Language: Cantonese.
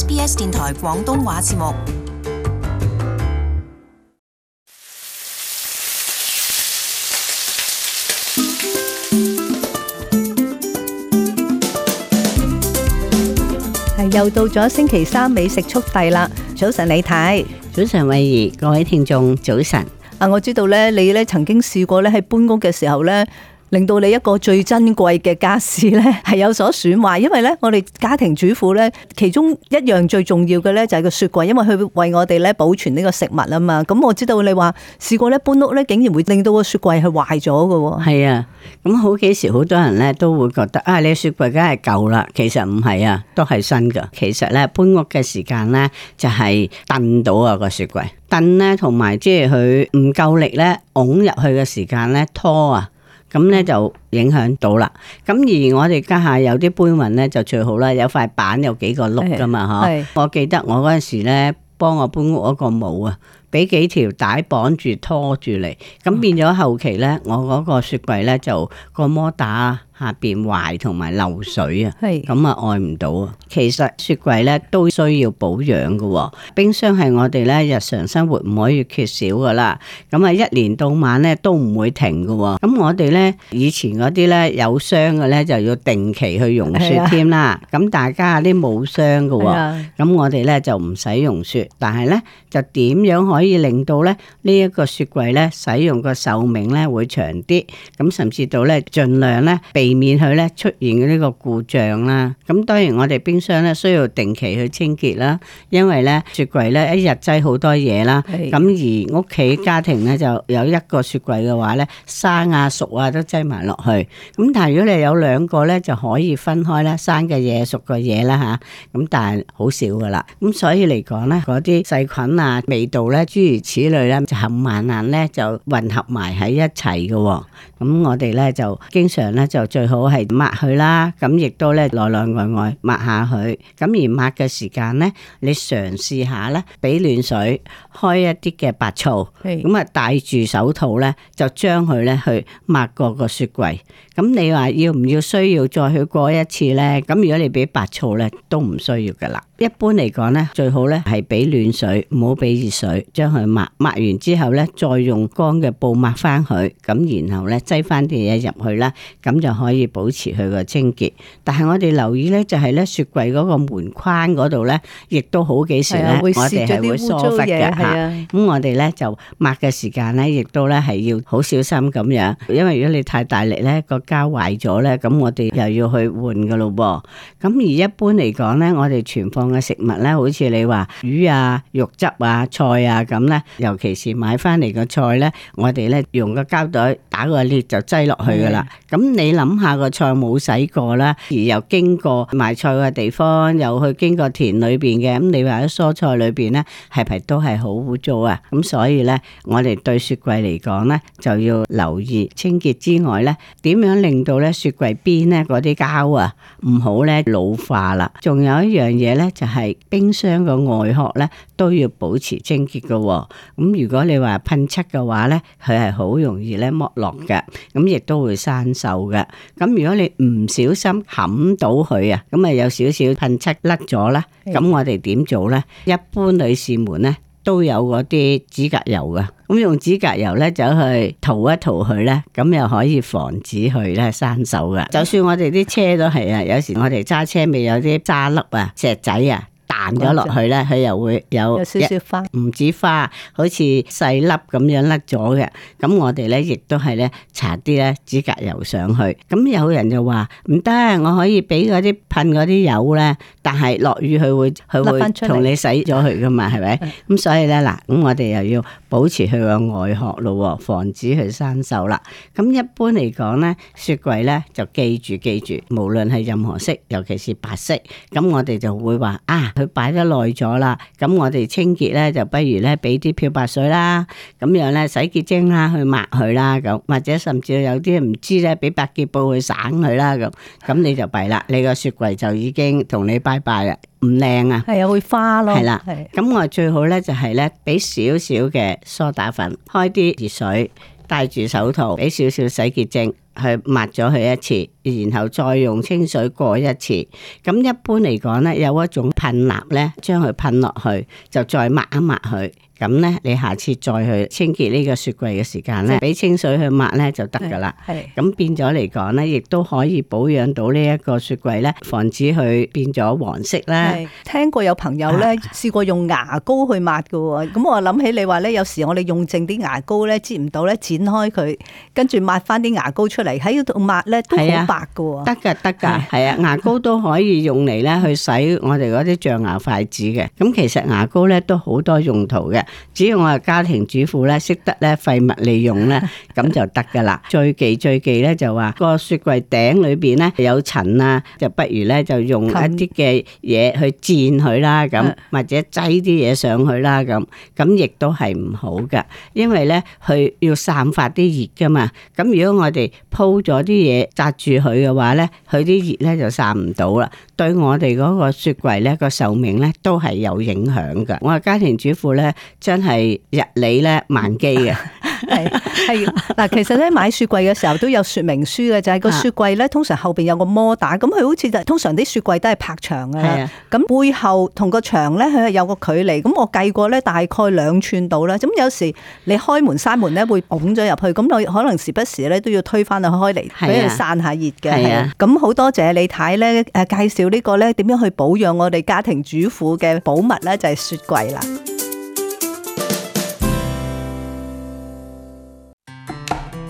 SBS 電台廣東話節目，係又到咗星期三美食速遞啦！早晨李太，早晨偉兒，各位聽眾早晨啊！我知道咧，你咧曾經試過咧喺搬屋嘅時候咧。令到你一個最珍貴嘅家私咧，係有所損壞。因為呢，我哋家庭主婦咧，其中一樣最重要嘅呢，就係個雪櫃，因為佢為我哋呢保存呢個食物啊嘛。咁我知道你話試過呢搬屋呢，竟然會令到個雪櫃係壞咗㗎。係啊，咁好幾時好多人呢都會覺得啊、哎，你雪櫃梗係舊啦，其實唔係啊，都係新㗎。其實呢，搬屋嘅時間呢，就係凳到啊個雪櫃凳呢，同埋即係佢唔夠力呢，㧬入去嘅時間呢拖啊。咁咧就影響到啦。咁而我哋家下有啲搬運咧就最好啦，有塊板有幾個碌㗎嘛嗬。我記得我嗰陣時咧幫我搬屋嗰個冇啊。俾幾條帶綁住拖住嚟，咁變咗後期呢，我嗰個雪櫃呢，就個摩打下邊壞同埋漏水啊，咁啊是愛唔到啊。其實雪櫃呢，都需要保養噶、哦，冰箱係我哋呢日常生活唔可以缺少噶啦。咁啊一年到晚呢，都唔會停噶、哦。咁我哋呢，以前嗰啲呢，有霜嘅呢，就要定期去融雪添啦。咁、啊、大家啲冇霜嘅、哦，咁、啊、我哋呢，就唔使用溶雪，但係呢，就點樣可以？可以令到咧呢一個雪櫃咧使用個壽命咧會長啲，咁甚至到咧盡量咧避免佢咧出現呢個故障啦。咁當然我哋冰箱咧需要定期去清潔啦，因為咧雪櫃咧一日擠好多嘢啦。咁的而屋企家庭咧就有一個雪櫃嘅話咧，生啊熟啊都擠埋落去。咁但係如果你有兩個咧，就可以分開咧生嘅嘢、熟嘅嘢啦吓。咁但係好少㗎喇。咁所以嚟講咧，嗰啲細菌啊、味道咧、啊。諸如此類咧，就冚唪唥咧就混合埋喺一齊㗎喎。咁我哋咧就經常咧就最好係抹佢啦。咁亦都咧內內外外抹下佢。咁而抹嘅時間咧，你嘗試下咧，俾暖水開一啲嘅白醋。係是。咁啊戴住手套咧，就將佢咧去抹過個雪櫃。咁你話要唔要需要再去過一次咧？咁如果你俾白醋咧，都唔需要嘅啦。一般嚟講咧，最好咧係俾暖水，唔好俾熱水。將佢抹抹完之後咧，再用乾嘅布抹翻佢。咁然後咧，擠翻啲嘢入去啦，咁就可以保持佢個清潔。但係我哋留意咧，就係咧雪櫃嗰個門框嗰度咧，亦都好幾時咧，的我哋係會疏忽嘅吓。咁的我哋咧就抹嘅時間咧，亦都咧係要好小心咁樣，因為如果你太大力咧，個膠壞咗咧，咁我哋又要去換噶咯噃。咁而一般嚟講咧，我哋存放，嘅食物咧，好似你話魚啊、肉汁啊、菜啊咁咧，尤其是買翻嚟嘅菜咧，我哋咧用個膠袋打個裂就擠落去噶啦。咁你諗下個菜冇洗過啦，而又經過賣菜嘅地方，又去經過田裏邊嘅，咁你話喺蔬菜裏邊咧，係咪都係好污糟啊？咁所以咧，我哋對雪櫃嚟講咧，就要留意清潔之外咧，點樣令到咧雪櫃邊咧嗰啲膠啊唔好咧老化啦。仲有一樣嘢咧。就係冰箱個外殼咧，都要保持清潔噶、哦。咁、嗯、如果你話噴漆嘅話咧，佢係好容易咧剝落嘅，咁、嗯、亦都會生鏽嘅。咁、嗯嗯、如果你唔小心冚到佢啊，咁啊有少少噴漆甩咗啦，咁我哋點做咧？一般女士們咧。都有嗰啲指甲油噶，咁、嗯、用指甲油呢就去塗一塗佢呢，咁又可以防止佢咧生銹噶。就算我哋啲車都係啊，有時我哋揸車咪有啲沙粒啊、石仔啊。彈咗落去咧，佢、嗯、又會有，有少少花，唔止花，好似細粒咁樣甩咗嘅。咁我哋咧亦都係咧搽啲咧指甲油上去。咁有人就話唔得，我可以俾嗰啲噴嗰啲油咧，但係落雨佢會佢會同你洗咗佢噶嘛，係咪？咁是所以咧嗱，咁我哋又要保持佢個外殼咯，防止佢生鏽啦。咁一般嚟講咧，雪櫃咧就記住記住，記住，無論係任何色，尤其是白色，咁我哋就會話啊。佢擺得耐咗啦，咁我哋清潔咧，就不如咧俾啲漂白水啦，咁樣咧洗潔精啦去抹佢啦咁，或者甚至有啲唔知咧，俾百潔布去省佢啦咁，咁你就弊啦，你個雪櫃就已經同你拜拜啦，唔靚啊。係啊，會花咯。係啦係，咁的我最好咧就係咧俾少少嘅梳打粉，開啲熱水，戴住手套，俾少少洗潔精。去抹咗佢一次，然後再用清水過一次。咁一般嚟講咧，有一種噴蠟咧，將佢噴落去，就再抹一抹佢。咁咧，你下次再去清潔呢個雪櫃嘅時間咧，俾是清水去抹咧就得噶啦。係咁變咗嚟講咧，亦都可以保養到呢一個雪櫃咧，防止佢變咗黃色啦。係聽過有朋友咧試過用牙膏去抹噶，咁 我諗起你話咧，有時我哋用剩啲牙膏咧，接唔到咧，剪開佢，跟住抹翻啲牙膏出。嚟喺度抹咧都好白噶，得噶得噶，係啊！啊牙膏都可以用嚟咧去洗我哋嗰啲象牙筷子嘅。咁其實牙膏咧都好多用途嘅，只要我哋家庭主婦咧，識得咧廢物利用咧，咁 就得噶啦。最忌最忌咧就話個雪櫃頂裏邊咧有塵啊，就不如咧就用一啲嘅嘢去漸佢啦，咁或者擠啲嘢上去啦，咁咁亦都係唔好噶，因為咧佢要散發啲熱噶嘛。咁如果我哋鋪咗啲嘢紮住佢嘅話呢佢啲熱呢就散唔到啦，對我哋嗰個雪櫃呢個壽命呢都係有影響嘅。我嘅家庭主婦呢，真係日理呢萬機嘅。 係係嗱， 其實咧買雪櫃嘅時候都有說明書嘅，就係、是、個雪櫃咧，通常後邊有個摩打，咁佢好似就通常啲雪櫃都係拍牆嘅，咁背後同個牆咧佢係有個距離，咁我計過咧大概兩寸到啦，咁有時你開門閂門咧會拱咗入去，咁我可能時不時咧都要推返啊開嚟俾佢散下熱嘅，係啊，咁好多謝你睇咧誒介紹呢、這個咧點樣去保養我哋家庭主婦嘅寶物咧就係、是、雪櫃啦。